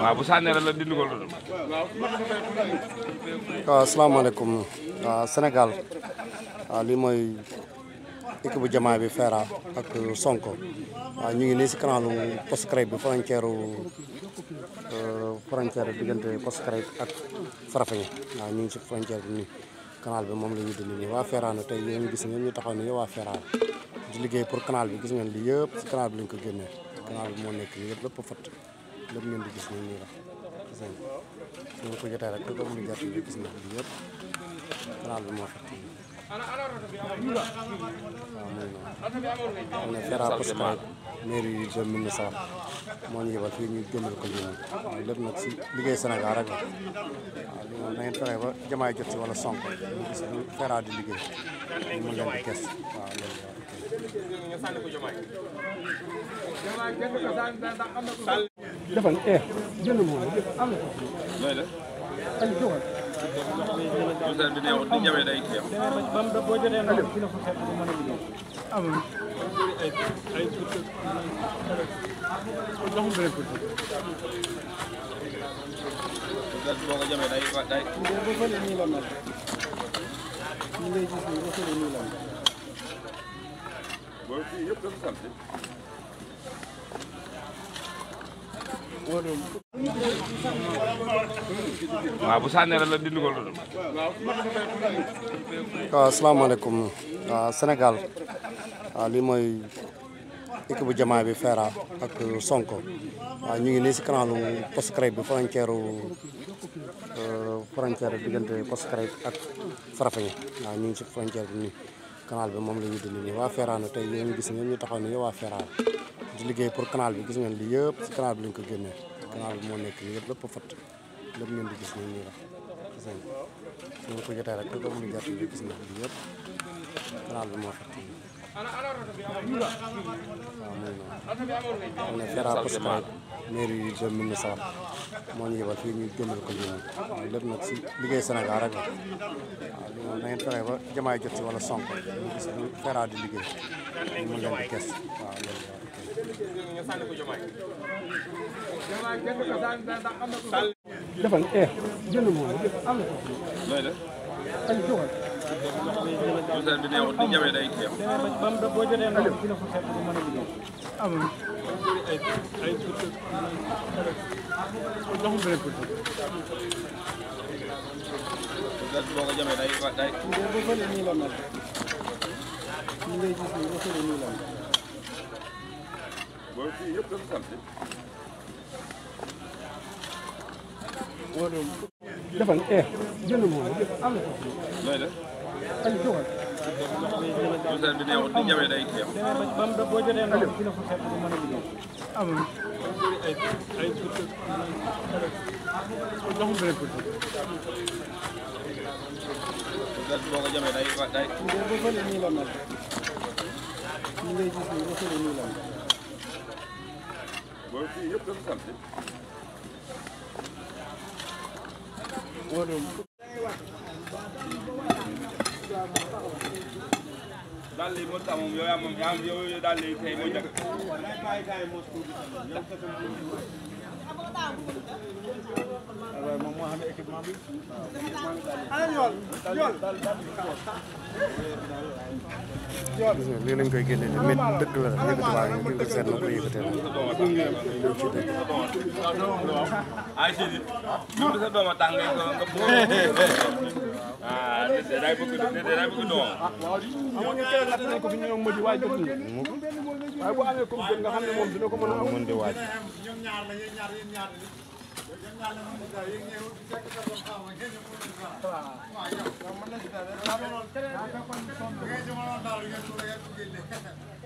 waa bu sànnee la di dugal loolu. waaw asalaamaaleykum waaw Sénégal waaw lii mooy équipe bu jamaa bi Fera ak Sonko waaw ñu ngi nii si canalu Poste Crève bi frontière euh, frontière diggante Poste Crève ak Farafeñe ñu ngi si frontière bi nii canal bi moom la ñu dund waa Fera na tey yéen gis ngeen ñu taxaw nii waa Fera di liggéey pour canal bi gis ngeen lii yëpp si canal bi lañ ko génnee. canal bi moo nekk nii lépp fatt lépp ngeen di gis nii gis nañ bi gis na bi yëpp canal bi moo fatt ne Fera Pascal mairie yi zone Mbindi Sarr moo ñu yebal fii ñu jëmmal ko ñun waaw nag liggéey Sénégal rek la waaw li ba jamaay jot si sonk ñu di liggéey ñu mën leen di kes defal eh jëlal moom am na ko ay ay ay ay waaw bu sànnee la di dugal loolu. waaw asalaamaaleykum waaw Sénégal waaw lii mooy équipe bu jamaa bi Fera ak Sonko waaw ñu ngi nii si canalu Poscré bi frontière euh, frontière diggante Poscré ak Farafeñe waaw ñu ngi si frontière bi nii canal bi moom la ñu dindi nii waa Fera na tey yéen gis ngeen ñu taxaw nii waa Fera di liggéey pour canal bi gis ngeen li yëpp si canal bi lañ ko génnee canal bi moo nekk nii yëpp lépp a fatt lépp gis nii nii la gis ngeen su ma ko jotee bi gis ngeen li yëpp canal bi moo fatt nii waaw mooy noonu ne Fera moo ñu yebal fii ñu jëmmal ko ñu lépp nag si liggéey Sénégal rek la waaw moom na ngeen fexe ba jamaay jot si sonk ñu di liggéey ñu mën leen di kees defal eh jënd moom am na ay joxal usa bi neexul di jawe day teew bam da boo jëlee ndox ci la ko xet mën a liggéey am ay ay joxum benn pour boo ko jamee day day boo ko nii la mel ñu ngay gis nii boo ko nii la mel boobu fii yëpp dafa sant. defal eh jënd moom am na ko. looy def. ay joxal. misaal bi neexul di ñëwee day teew. ba mu boo jotee noonu dina ko fekk ba mën a liggéey. amul. ay ay joxum beneen pour misaal bi boo ko jëmee day day. ñu ngi lay gis nii ba fële nii la dalli mo tamam yo yamam yam yo dalli tay mo jak waaw moom moo xam ne équipement bi. waaw yoon yoon. gis nga lii lañ koy génne de mét dëkk la yëkkatiwaay yi ñu ngi ko seetlu ko yëkkatee la. waaw. waaye bu amee comme gën nga xam ne moom dina ko mën a am mën di waaj ñoom ñaar la yéen ñaar yéen ñaar yéen ñaar la mën da yéen ñëw di fekk sa bopp xaw ma kenn ko mën dara waaw yow mën nañ ci dara da lool da ngay jëmaloon daal ngeen ko ngeen ko génne